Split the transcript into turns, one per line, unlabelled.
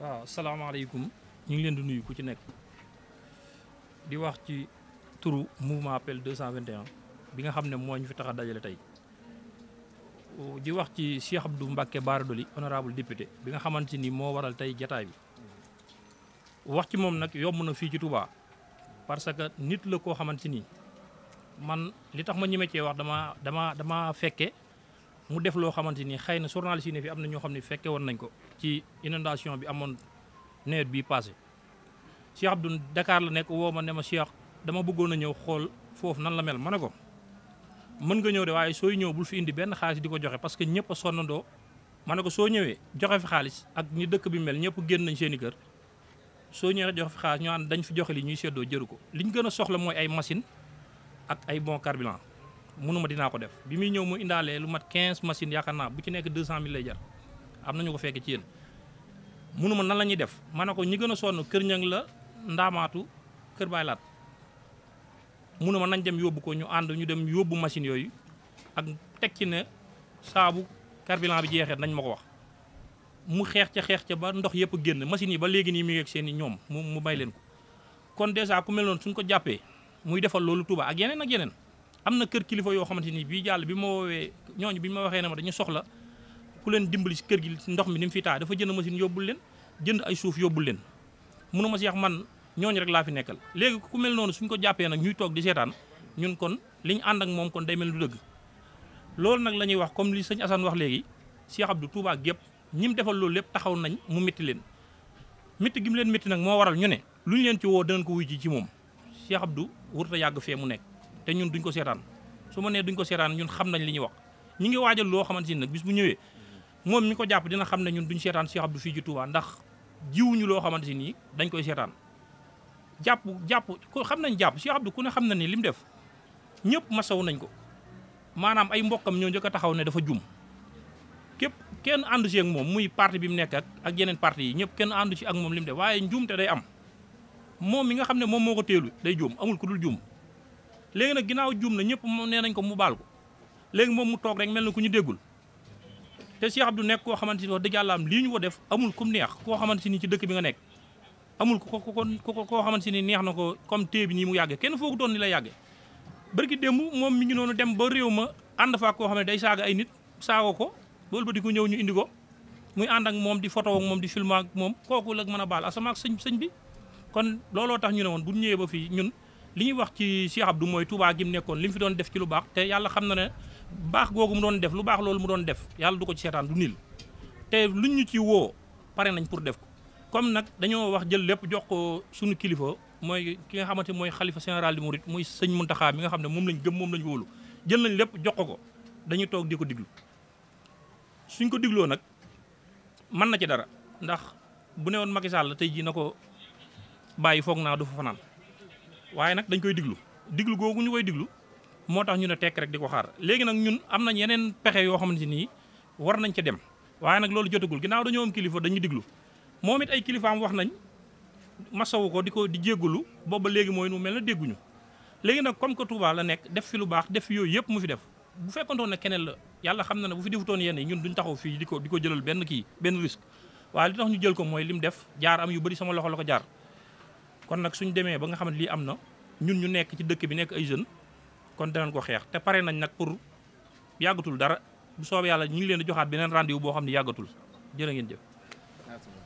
waaw salaamaaleykum ñu ngi leen di nuyu ku ci nekk di wax ci turu mouvement appel 221 bi nga xam ne moo ñu fi tax a dajale tey di wax ci Cheikh Abdou Mbacké Bara Dolly honorable député bi nga xamante ni moo waral tey jataay bi wax ci moom nag yomb na fii ci Touba parce que nit la koo xamante ni man li tax ma ñeme cee wax dama dama dama fekke mu def loo xamante ni xëy na journaliste yi ne am na ñoo xam ne fekke woon nañ ko ci inondation bi amoon nawet bi passé Cheikh du Dakar la nekk woo ma ne ma Cheikh dama bëggoon a ñëw xool foofu nan la mel ma ne ko mën nga ñëw de waaye sooy ñëw bul fi indi benn xaalis di ko joxe parce que ñëpp a sonnandoo ne ko soo ñëwee joxe fi xaalis ak ñu dëkk bi mel ñëpp génn nañ seen i kër soo ñëwee joxe fi xaalis ñoo ànd dañ fi joxe li ñuy seddoo jëru ko liñ gën a soxla mooy ay machine ak ay bon carburant mënuma dinaa ko def bi muy ñëw mu indaalee lu mat 15 machines yaakaar naa bu ci nekk 200000 lay jar am nañu ko fekk ci yéen mënuma nan la ñuy def ma ne ko ñi gën a sonn kër ñang la ndaamaatu kër baay laat mënuma nañ dem yóbbu ko ñu ànd ñu dem yóbbu machines yooyu ak teg ci ne saabu carburant bi jeexee nañ ma ko wax mu xeex ca xeex ca ba ndox yëpp génn machine yi ba léegi nii mu ngi ak seen i ñoom mu mu may leen ko kon dèjà ku mel noonu suñ ko jàppee muy defal loolu tubaa ak yeneen ak yeneen am na kër kilifa yoo xamante ni bii jàll bi ma woowee ñooñ bi ma waxee ne ma dañu soxla ku leen dimbali si kër gi ndox mi ni mu fi taa dafa jënd machine yóbbul leen jënd ay suuf yóbbul leen mënuma si wax man ñooñu rek laa fi nekkal léegi ku mel noonu suñ ko jàppee nag ñuy toog di seetaan ñun kon li ñu ànd ak moom kon day mel du dëgg loolu nag la ñuy wax comme li sañ Assane wax léegi Cheikh Abdou Touba gépp ñi mu defal loolu lépp taxaw nañ mu métti leen métti gi leen métti nag moo waral ñu ne lu ñu leen ci woo danañ ko wuy ji ci moom Cheikh Abdou wurta yàgg fee mu nekk te ñun duñ ko seetaan su ma nee duñ ko seetaan ñun xam nañ li ñuy wax ñu ngi waajal loo xamante ni nag bis mu ñëwee moom mi ko jàpp dina xam ne ñun duñ seetaan Cheikh Abdou fii ci Touba ndax jiwuñu loo xamante ni dañ koy seetaan jàpp jàpp ko xam nañ jàpp Cheikh Abdou ku ne xam na ni li def ñëpp masaw nañ ko maanaam ay mbokkam ñoo njëkk a taxaw ne dafa jum képp kenn àndu ci moom muy parti bi mu nekk ak ak yeneen parti yi ñëpp kenn àndu si ak moom li mu def waaye njuum te day am moom mi nga xam ne moom moo ko teelu day juum amul ku dul juum léegi nag ginnaaw juum na ñëpp moom nee nañ ko mu baal ko léegi moom mu toog rek mel na ku ñu déggul te Cheikh du nekk koo xamante ni wax dëgg yàlla lii ñu ko def amul kum neex koo xamante ni ci dëkk bi nga nekk amul ko ko ko koo xamante ni neex na ko comme tée bi nii mu yàggee kenn foogu doon ni la yàggee bërki démb moom mi ngi noonu dem ba réew ma ànd faa koo xam ne day saaga ay nit saago ko ba ëlbati ku ñëw ñu indi ko muy ànd ak moom di photo moom di film ak moom kooku la mën a baal asamaak sëñ sëñ bi kon looloo tax ñu ne woon bu ñëwee ba fii ñun li ñuy wax ci Cheikh Abdou mooy Touba gi mu nekkoon li mu fi doon def ci lu baax te yàlla xam na ne baax googu mu doon def lu baax loolu mu doon def yàlla du ko seetaan du nil te luñ ñu ci woo pare nañ pour def ko comme nag dañoo wax jël lépp jox ko suñu kilifa mooy ki nga xamante mooy xalifa général di Mouride muy sëñ Muntaxa mi nga xam ne moom lañ gëm moom lañ wóolu jël nañ lépp jox ko ko dañuy toog di ko diglu suñ ko digloo nag mën na ci dara ndax bu ne woon Macky Sall tey jii na ko bàyyi foog naa du fa fanaan waaye nag dañ koy diglu diglu googu ñu koy diglu moo tax ñu ne tekk rek di ko xaar léegi nag ñun am nañ yeneen pexe yoo xamante nii war nañ ca dem waaye nag loolu jotagul ginnaaw dañoo am kilifa dañu diglu moom it ay kilifaam wax nañ masawu ko di ko di jéggalu booba léegi mooy nu mel na dégguñu léegi nag comme que Touba la nekk def fi lu baax def fi yooyu yëpp mu fi def bu fekkontoon ne keneen la yàlla xam na ne bu fi defutoon yenn yi ñun duñ taxaw fii di ko di ko jëlal benn kii benn risque waaye li tax ñu ko mooy lim def jaar yu bëri sama loxo la ko jaar kon nag suñ demee ba nga xam ne lii am na ñun ñu nekk ci dëkk bi nekk ay jeunes kon danañ ko xeex te pare nañ nag pour yàggatul dara bu soobee yàlla ñu ngi leen di joxaat beneen rendez boo xam ne yàggatul jërë ngeen jëf.